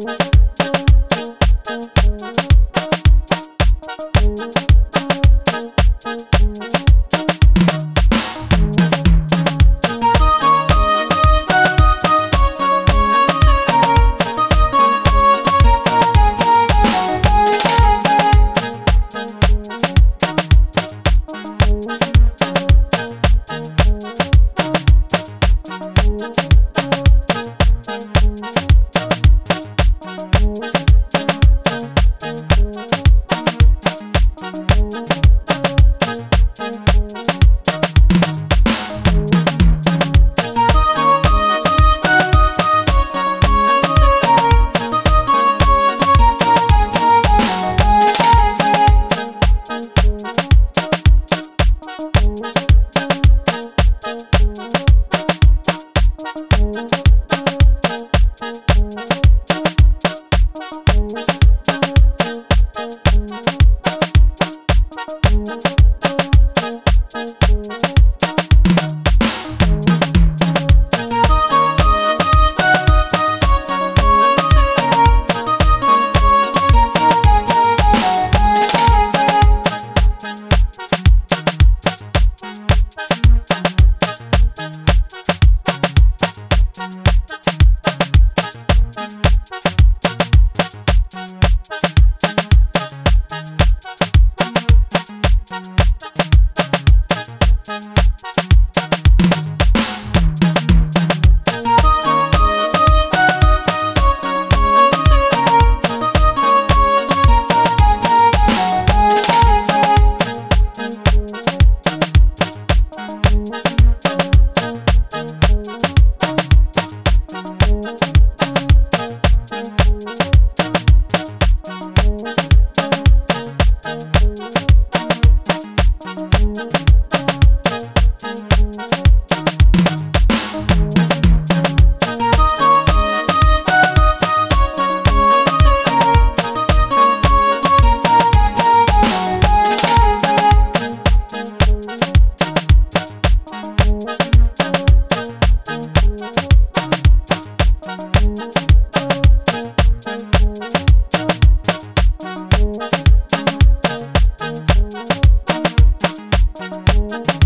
Thank Música Thank you.